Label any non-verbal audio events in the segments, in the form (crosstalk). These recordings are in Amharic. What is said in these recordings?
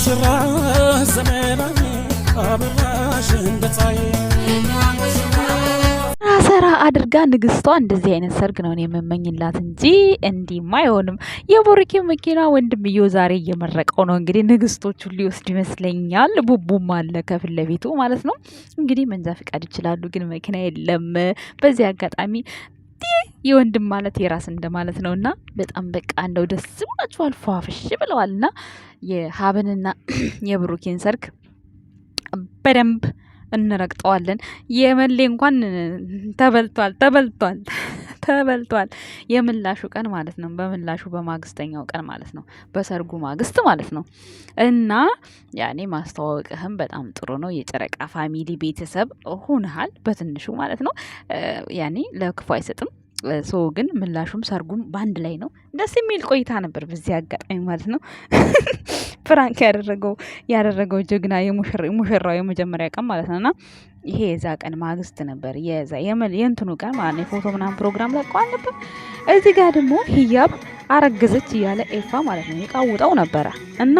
ሙሽራ ዘመናዊ አበራሽ እንደ ሰራ አድርጋ ንግስቷ እንደዚህ አይነት ሰርግ ነው የምመኝላት እንጂ እንዲህማ አይሆንም። የቦርኬ መኪና ወንድምየው ዛሬ እየመረቀው ነው እንግዲህ ንግስቶቹን ሊወስድ ይመስለኛል። ቡቡም አለ ከፊት ለፊቱ ማለት ነው። እንግዲህ መንጃ ፍቃድ ይችላሉ፣ ግን መኪና የለም። በዚህ አጋጣሚ እንዴ የወንድም ማለት የራስ እንደማለት ነው። እና በጣም በቃ እንደው ደስ ብሏችኋል፣ ፏፍሽ ብለዋል። እና የሀብንና (clears throat) የብሩኬን ሰርግ በደንብ እንረግጠዋለን። የመሌ እንኳን ተበልቷል ተበልቷል። ተበልቷል። የምላሹ ቀን ማለት ነው። በምላሹ በማግስተኛው ቀን ማለት ነው። በሰርጉ ማግስት ማለት ነው። እና ያኔ ማስተዋወቅህም በጣም ጥሩ ነው። የጨረቃ ፋሚሊ ቤተሰብ ሁንሃል በትንሹ ማለት ነው። ያኔ ለክፉ አይሰጥም። ሰው ግን ምላሹም ሰርጉም በአንድ ላይ ነው። ደስ የሚል ቆይታ ነበር። በዚህ አጋጣሚ ማለት ነው (laughs) ፍራንክ ያደረገው ያደረገው ጀግና የሙሽራው የመጀመሪያ ቀን ማለት ነው እና ይሄ የዛ ቀን ማግስት ነበር የዛ የእንትኑ ቀን ማለት ነው። የፎቶ ምናምን ፕሮግራም ለቀዋል ነበር። እዚህ ጋር ደግሞ ሂያብ አረገዘች እያለ ኤፋ ማለት ነው የቃውጠው ነበረ እና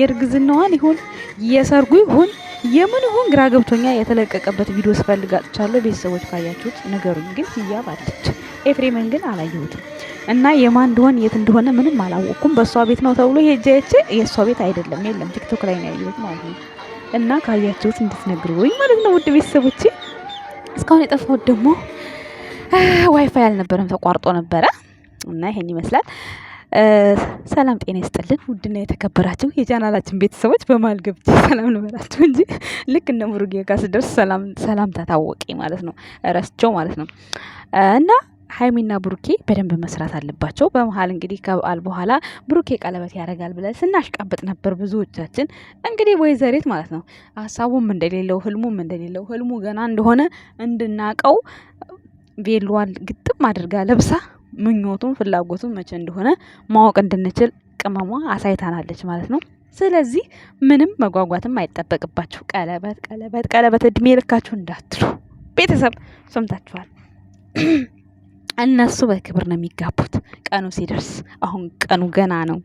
የእርግዝናዋን ይሁን የሰርጉ ይሁን የምን ይሁን ግራ ገብቶኛ የተለቀቀበት ቪዲዮ ስፈልግ ቤተሰቦች ካያችሁት ነገሩኝ። ግን ሂያብ አለች ኤፍሬምን ግን አላየሁትም እና የማን እንደሆን የት እንደሆነ ምንም አላወቅኩም። በእሷ ቤት ነው ተብሎ ሄጄ የእሷ ቤት አይደለም የለም፣ ቲክቶክ ላይ ነው ያየሁት ማለት ነው። እና ካያችሁት እንድትነግሩኝ ማለት ነው ውድ ቤተሰቦቼ። እስካሁን የጠፋሁት ደግሞ ዋይፋይ አልነበረም ተቋርጦ ነበረ እና ይሄን ይመስላል። ሰላም ጤና ይስጥልን። ውድና የተከበራችሁ የቻናላችን ቤተሰቦች በመሃል ገብቼ ሰላም ልበላችሁ እንጂ ልክ እነ ሙሩጌ ጋር ስደርስ ሰላምታ ታወቂ ማለት ነው ረስቸው ማለት ነው እና ሀይሚና ብሩኬ በደንብ መስራት አለባቸው። በመሀል እንግዲህ ከበዓል በኋላ ብሩኬ ቀለበት ያደርጋል ብለን ስናሽቃበጥ ነበር ብዙዎቻችን። እንግዲህ ወይዘሪት ማለት ነው ሀሳቡም እንደሌለው ህልሙም እንደሌለው ህልሙ ገና እንደሆነ እንድናቀው ቬሎዋን ግጥም አድርጋ ለብሳ ምኞቱም ፍላጎቱም መቼ እንደሆነ ማወቅ እንድንችል ቅመሟ አሳይታናለች ማለት ነው። ስለዚህ ምንም መጓጓትም አይጠበቅባችሁ። ቀለበት ቀለበት ቀለበት እድሜ ልካችሁ እንዳትሉ ቤተሰብ ሰምታችኋል። እነሱ በክብር ነው የሚጋቡት። ቀኑ ሲደርስ አሁን ቀኑ ገና ነው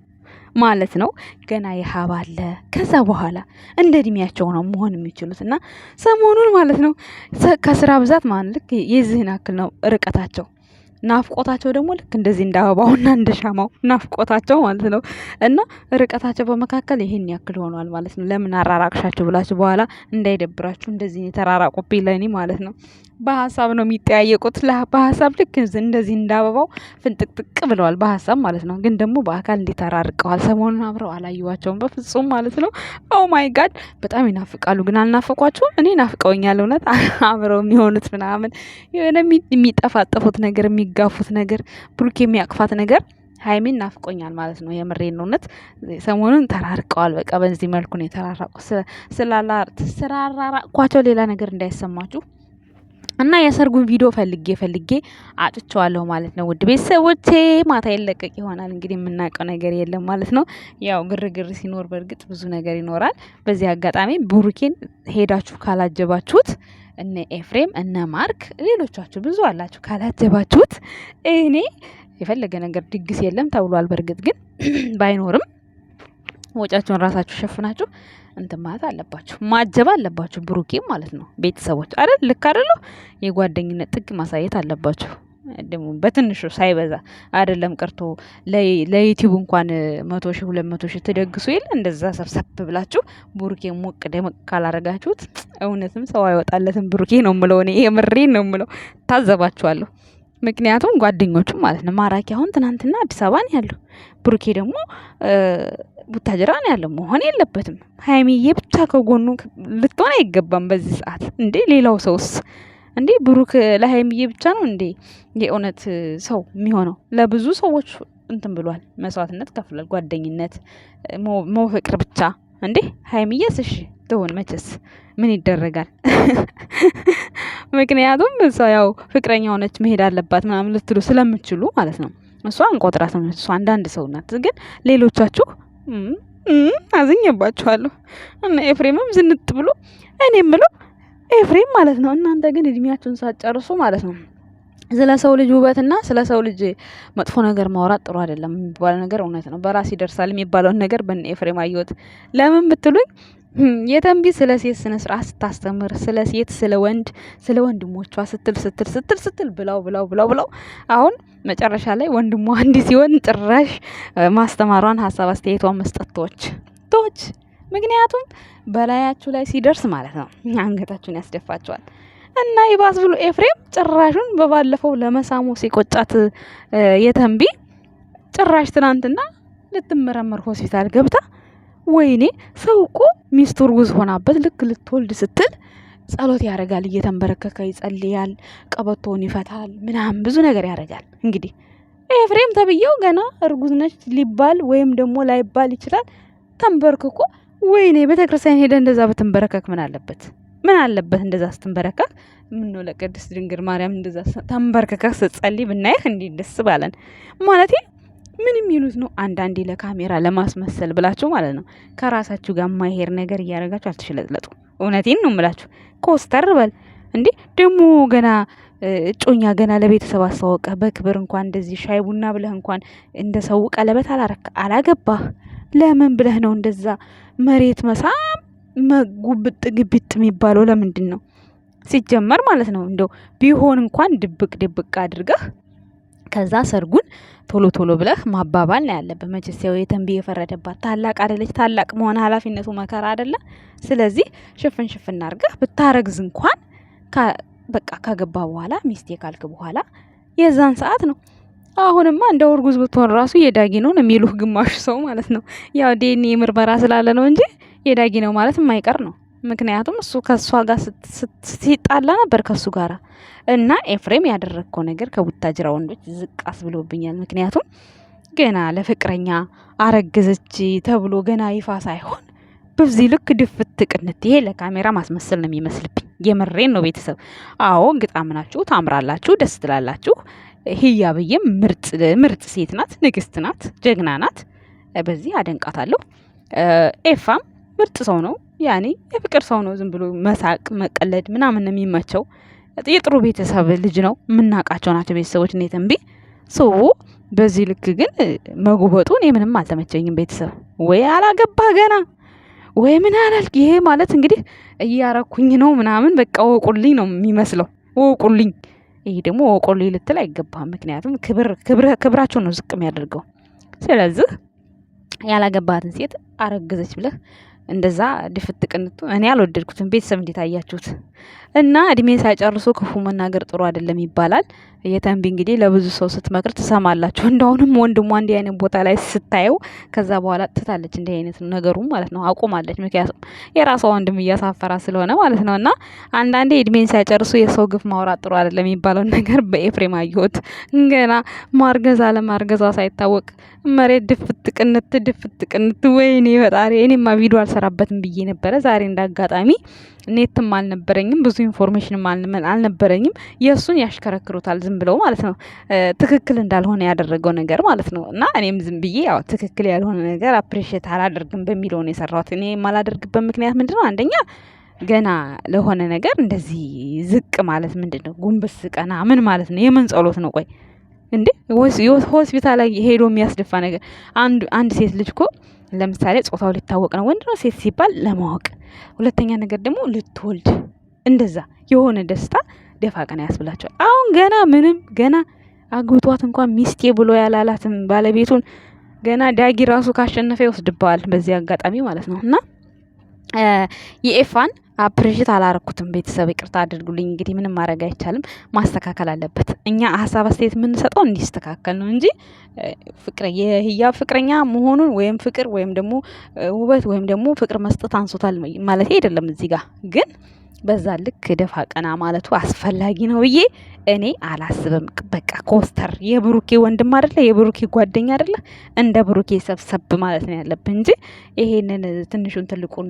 ማለት ነው። ገና የሀብ አለ። ከዛ በኋላ እንደ እድሜያቸው ነው መሆን የሚችሉት እና ሰሞኑን ማለት ነው ከስራ ብዛት ማን ልክ የዚህን ያክል ነው ርቀታቸው። ናፍቆታቸው ደግሞ ልክ እንደዚህ እንደ አበባውና እንደ ሻማው ናፍቆታቸው ማለት ነው እና ርቀታቸው በመካከል ይህን ያክል ሆኗል ማለት ነው። ለምን አራራቅሻቸው ብላችሁ በኋላ እንዳይደብራችሁ እንደዚህ የተራራቁብኝ ለእኔ ማለት ነው በሀሳብ ነው የሚጠያየቁት። በሀሳብ ልክ እንደዚህ እንዳበባው ፍንጥቅጥቅ ብለዋል፣ በሀሳብ ማለት ነው። ግን ደግሞ በአካል እንዴት አራርቀዋል። ሰሞኑን አብረው አላየዋቸውም በፍጹም ማለት ነው። ኦ ማይ ጋድ በጣም ይናፍቃሉ። ግን አልናፈቋቸውም። እኔ ናፍቀውኛል እውነት (laughs) አብረው የሚሆኑት ምናምን የሆነ የሚጠፋጠፉት ነገር የሚጋፉት ነገር ብሩክ የሚያቅፋት ነገር ሀይሜን ናፍቆኛል ማለት ነው። የምሬን እውነት ሰሞኑን ተራርቀዋል። በቃ በዚህ መልኩ ነው የተራራቁ ስራራራቅኳቸው ሌላ ነገር እንዳይሰማችሁ እና የሰርጉን ቪዲዮ ፈልጌ ፈልጌ አጭቸዋለሁ ማለት ነው። ውድ ቤተሰቦቼ ማታ ይለቀቅ ይሆናል እንግዲህ የምናውቀው ነገር የለም ማለት ነው። ያው ግርግር ሲኖር በእርግጥ ብዙ ነገር ይኖራል። በዚህ አጋጣሚ ቡሩኬን ሄዳችሁ ካላጀባችሁት እነ ኤፍሬም እነ ማርክ ሌሎቻችሁ ብዙ አላችሁ ካላጀባችሁት እኔ የፈለገ ነገር ድግስ የለም ተብሏል። በእርግጥ ግን (clears throat) ባይኖርም ወጫችሁን ራሳችሁ ሸፍናችሁ እንትን ማለት አለባችሁ፣ ማጀብ አለባችሁ። ብሩኬ ማለት ነው ቤተሰቦች አይደል? ልክ አይደለ? የጓደኝነት ጥግ ማሳየት አለባችሁ። ደግሞ በትንሹ ሳይበዛ አይደለም ቀርቶ ለዩቲዩብ እንኳን መቶ ሺህ ሁለት መቶ ሺህ ትደግሱ ይል እንደዛ ሰብሰብ ብላችሁ ብሩኬ ሞቅ ደመቅ ካላረጋችሁት እውነትም ሰው አይወጣለትም። ብሩኬ ነው ምለው፣ እኔ የምሬን ነው ምለው፣ ታዘባችኋለሁ። ምክንያቱም ጓደኞቹም ማለት ነው ማራኪ አሁን ትናንትና አዲስ አበባ ነው ያለው ብሩኬ ደግሞ ቡታጀራ ነው ያለው መሆን የለበትም። ሀይሚዬ ብቻ ከጎኑ ልትሆን አይገባም በዚህ ሰዓት እንዴ። ሌላው ሰውስ እንዴ ብሩክ ለሀይሚዬ ብቻ ነው እንዴ የእውነት ሰው የሚሆነው? ለብዙ ሰዎች እንትን ብሏል፣ መስዋዕትነት ከፍሏል። ጓደኝነት፣ መውፍቅር ብቻ እንዴ። ሀይሚዬስ እሺ ትሆን መቼስ ምን ይደረጋል? (laughs) ምክንያቱም እሷ ያው ፍቅረኛ ሆነች መሄድ አለባት ምናምን ልትሉ ስለምችሉ ማለት ነው። እሷ እንቆጥራት እሷ አንዳንድ ሰው ናት። ግን ሌሎቻችሁ አዝኜባችኋለሁ። እና ኤፍሬምም ዝንጥ ብሎ እኔ ምለው ኤፍሬም ማለት ነው። እናንተ ግን እድሜያችሁን ሳትጨርሱ ማለት ነው ስለ ሰው ልጅ ውበትና ስለ ሰው ልጅ መጥፎ ነገር ማውራት ጥሩ አይደለም የሚባለው ነገር እውነት ነው። በራስ ይደርሳል የሚባለውን ነገር በእነ ኤፍሬም አየሁት። ለምን ብትሉኝ የተንቢ ስለ ሴት ስነ ስርዓት ስታስተምር ስለ ሴት ስለ ወንድ ስለ ወንድሞቿ ስትል ስትል ስትል ስትል ብላው ብላው ብላው ብላው አሁን መጨረሻ ላይ ወንድሟ አንድ ሲሆን ጭራሽ ማስተማሯን ሀሳብ አስተያየቷን መስጠት ቶች ቶች ምክንያቱም በላያችሁ ላይ ሲደርስ ማለት ነው አንገታችሁን ያስደፋችኋል። እና ይባስ ብሎ ኤፍሬም ጭራሹን በባለፈው ለመሳሙ ሲቆጫት የተንቢ ጭራሽ ትናንትና ልትመረመር ሆስፒታል ገብታ ወይኔ ሰው እኮ ሚስቱ እርጉዝ ሆናበት ልክ ልትወልድ ስትል ጸሎት ያደርጋል፣ እየተንበረከከ ይጸልያል፣ ቀበቶውን ይፈታል፣ ምናምን ብዙ ነገር ያደርጋል። እንግዲህ ኤፍሬም ተብዬው ገና እርጉዝ ነች ሊባል ወይም ደግሞ ላይባል ይችላል። ተንበርክኮ ወይኔ ቤተክርስቲያን ሄደ እንደዛ ብትንበረከክ ምን አለበት? ምን አለበት እንደዛ ምን ነው ለቅድስት ድንግል ማርያም እንደዛ ተንበርክካ ስትጸልይ ብናይ እንዴት ደስ ባለን ማለት ምን የሚሉት ነው? አንዳንዴ ለካሜራ ለማስመሰል ብላችሁ ማለት ነው ከራሳችሁ ጋር ማይሄድ ነገር እያደረጋችሁ አልተሽለጥለጡ። እውነቴን ነው የምላችሁ። ኮስተር በል እንዴ ደግሞ ገና እጮኛ ገና ለቤተሰብ አስተዋወቀ በክብር እንኳን እንደዚህ ሻይ ቡና ብለህ እንኳን እንደ ሰው ቀለበት አላረክ አላገባህ ለምን ብለህ ነው እንደዛ መሬት መሳም መጉብጥ ግብጥ የሚባለው ለምንድን ነው ሲጀመር ማለት ነው? እንደው ቢሆን እንኳን ድብቅ ድብቅ አድርገህ ከዛ ሰርጉን ቶሎ ቶሎ ብለህ ማባባል ነው ያለብህ። መቼስ ያው የተንቢ የፈረደባት ታላቅ አደለች። ታላቅ መሆን ኃላፊነቱ መከራ አደለ? ስለዚህ ሽፍን ሽፍን አድርገህ ብታረግዝ እንኳን በቃ ከገባ በኋላ ሚስቴ ካልክ በኋላ የዛን ሰዓት ነው። አሁንማ እንደ እርጉዝ ብትሆን ራሱ የዳጊ ነው የሚሉህ ግማሽ ሰው ማለት ነው። ያው ዴኒ ምርመራ ስላለ ነው እንጂ የዳጊ ነው ማለት የማይቀር ነው። ምክንያቱም እሱ ከእሷ ጋር ሲጣላ ነበር ከእሱ ጋር እና ኤፍሬም ያደረግከው ነገር ከቡታጅራ ወንዶች ዝቅ አስብሎብኛል። ምክንያቱም ገና ለፍቅረኛ አረገዘች ተብሎ ገና ይፋ ሳይሆን በዚህ ልክ ድፍት ቅንት፣ ይሄ ለካሜራ ማስመሰል ነው የሚመስልብኝ። የምሬን ነው ቤተሰብ። አዎ ግጣም ናችሁ፣ ታምራላችሁ፣ ደስ ትላላችሁ። ህያ ብዬም ምርጥ ሴት ናት፣ ንግስት ናት፣ ጀግና ናት። በዚህ አደንቃታለሁ። ኤፋም ምርጥ ሰው ነው። ያኔ የፍቅር ሰው ነው። ዝም ብሎ መሳቅ መቀለድ ምናምን ነው የሚመቸው። የጥሩ ቤተሰብ ልጅ ነው። የምናውቃቸው ናቸው ቤተሰቦች እኔ ተንቢ ሰው በዚህ ልክ ግን መጉበጡ እኔ ምንም አልተመቸኝም። ቤተሰብ ወይ አላገባ ገና ወይ ምን አላልክ። ይሄ ማለት እንግዲህ እያረኩኝ ነው ምናምን በቃ ወቁልኝ ነው የሚመስለው። ወቁልኝ ይህ ደግሞ ወቁልኝ ልትል አይገባም። ምክንያቱም ክብራቸውን ነው ዝቅ የሚያደርገው። ስለዚህ ያላገባትን ሴት አረገዘች ብለህ እንደዛ ድፍት ቅንጡ እኔ አልወደድኩትም። ቤተሰብ እንዴት አያችሁት? እና እድሜ ሳይጨርሱ ክፉ መናገር ጥሩ አይደለም ይባላል። የተንቢ እንግዲህ ለብዙ ሰው ስትመክር ትሰማላችሁ። እንደውንም ወንድሟ እንዲህ አይነት ቦታ ላይ ስታየው ከዛ በኋላ ትታለች፣ እንዲህ አይነት ነገሩ ማለት ነው አቁማለች። ምክንያቱም የራሷ ወንድም እያሳፈራ ስለሆነ ማለት ነው። እና አንዳንዴ እድሜን ሳይጨርሱ የሰው ግፍ ማውራት ጥሩ አይደለም የሚባለውን ነገር በኤፍሬም አየሁት። ገና ማርገዝ አለማርገዛ ሳይታወቅ መሬት ድፍት ቅንት ድፍት ቅንት፣ ወይኔ ፈጣሪ! እኔማ ቪዲዮ አልሰራበትም ብዬ ነበረ። ዛሬ እንዳጋጣሚ ኔትም አልነበረኝም ብዙ ኢንፎርሜሽን አልነበረኝም። የእሱን ያሽከረክሩታል ዝም ብለው ማለት ነው። ትክክል እንዳልሆነ ያደረገው ነገር ማለት ነው። እና እኔም ዝም ብዬ ያው ትክክል ያልሆነ ነገር አፕሬሽት አላደርግም በሚለውን ነው የሰራሁት። እኔ የማላደርግበት ምክንያት ምንድን ነው? አንደኛ ገና ለሆነ ነገር እንደዚህ ዝቅ ማለት ምንድን ነው? ጉንብስ ቀና ምን ማለት ነው? የምን ጸሎት ነው? ቆይ እንዴ ሆስፒታል ላይ ሄዶ የሚያስደፋ ነገር አንድ ሴት ልጅ እኮ ለምሳሌ ጾታው ሊታወቅ ነው፣ ወንድ ነው ሴት ሲባል ለማወቅ። ሁለተኛ ነገር ደግሞ ልትወልድ እንደዛ የሆነ ደስታ ደፋ ቀና ያስብላቸዋል። አሁን ገና ምንም ገና አግብቷት እንኳን ሚስቴ ብሎ ያላላትም ባለቤቱን ገና ዳጊ ራሱ ካሸነፈ ይወስድባዋል። በዚህ አጋጣሚ ማለት ነው እና የኤፋን አፕሬሽት አላረኩትም። ቤተሰብ ይቅርታ አድርጉልኝ። እንግዲህ ምንም ማድረግ አይቻልም፣ ማስተካከል አለበት። እኛ ሀሳብ አስተያየት የምንሰጠው እንዲስተካከል ነው እንጂ ፍቅር የህያ ፍቅረኛ መሆኑን ወይም ፍቅር ወይም ደግሞ ውበት ወይም ደግሞ ፍቅር መስጠት አንሶታል ማለት አይደለም። እዚህ ጋር ግን በዛ ልክ ደፋ ቀና ማለቱ አስፈላጊ ነው ብዬ እኔ አላስብም። በቃ ኮስተር የብሩኬ ወንድም አደለ፣ የብሩኬ ጓደኛ አደለ፣ እንደ ብሩኬ ሰብሰብ ማለት ነው ያለብን እንጂ ይሄንን ትንሹን ትልቁን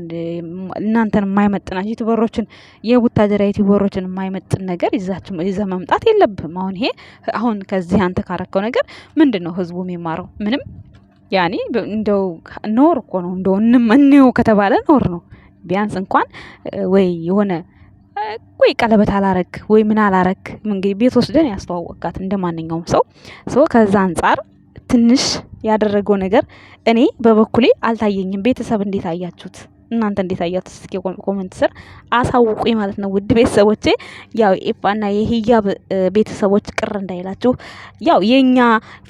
እናንተን የማይመጥናቸው ዩቲበሮችን የቡታጀራ ዩቲበሮችን የማይመጥን ነገር ይዘ መምጣት የለብም። አሁን ይሄ አሁን ከዚህ አንተ ካረከው ነገር ምንድን ነው ህዝቡ የሚማረው? ምንም ያኔ እንደው ኖር እኮ ነው እንደው እንየው ከተባለ ኖር ነው። ቢያንስ እንኳን ወይ የሆነ ወይ ቀለበት አላረክ ወይ ምን አላረክ እንግዲህ ቤት ወስደን ያስተዋወቃት እንደ ማንኛውም ሰው ሰው ከዛ አንጻር ትንሽ ያደረገው ነገር እኔ በበኩሌ አልታየኝም። ቤተሰብ እንዴት አያችሁት? እናንተ እንዴት አያችሁ? እስኪ ኮመንት ስር አሳውቁ ማለት ነው። ውድ ቤተሰቦቼ ያው ኤፋና የሂጃብ ቤተሰቦች ቅር እንዳይላችሁ፣ ያው የኛ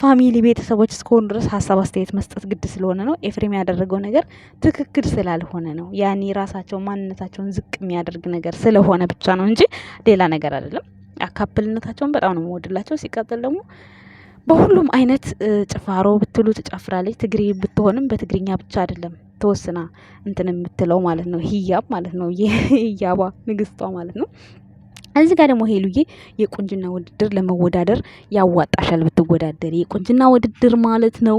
ፋሚሊ ቤተሰቦች እስከሆኑ ድረስ ሀሳብ አስተያየት መስጠት ግድ ስለሆነ ነው። ኤፍሬም ያደረገው ነገር ትክክል ስላልሆነ ነው። ያኔ ራሳቸው ማንነታቸውን ዝቅ የሚያደርግ ነገር ስለሆነ ብቻ ነው እንጂ ሌላ ነገር አይደለም። አካፕልነታቸውን በጣም ነው የምወድላቸው። ሲቀጥል ደግሞ በሁሉም አይነት ጭፋሮ ብትሉ ትጨፍራለች። ትግሬ ብትሆንም በትግርኛ ብቻ አይደለም ተወስና እንትን የምትለው ማለት ነው። ሂያብ ማለት ነው። የሂያቧ ንግስቷ ማለት ነው። እዚህ ጋር ደግሞ ሄሉዬ የቁንጅና ውድድር ለመወዳደር ያዋጣሻል ብትወዳደር። የቁንጅና ውድድር ማለት ነው።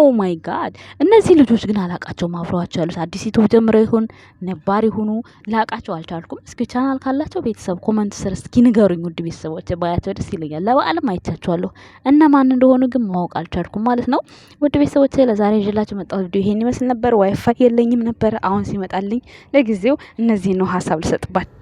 ኦ ማይ ጋድ! እነዚህ ልጆች ግን አላቃቸውም። አብረዋቸው ያሉት አዲስ ቶ ጀምረው ይሆን ነባር ይሁኑ ላቃቸው አልቻልኩም። እስኪ ቻናል ካላቸው ቤተሰብ ኮመንት ስር እስኪ ንገሩኝ። ውድ ቤተሰቦች ባያቸው ደስ ይለኛል። ለበዓልም አይቻቸዋለሁ እና ማን እንደሆኑ ግን ማወቅ አልቻልኩም ማለት ነው። ውድ ቤተሰቦች ለዛሬ ይዤላቸው መጣሁት ቪዲዮ ይሄን ይመስል ነበር። ዋይፋይ የለኝም ነበር። አሁን ሲመጣልኝ ለጊዜው እነዚህን ነው ሀሳብ ልሰጥባት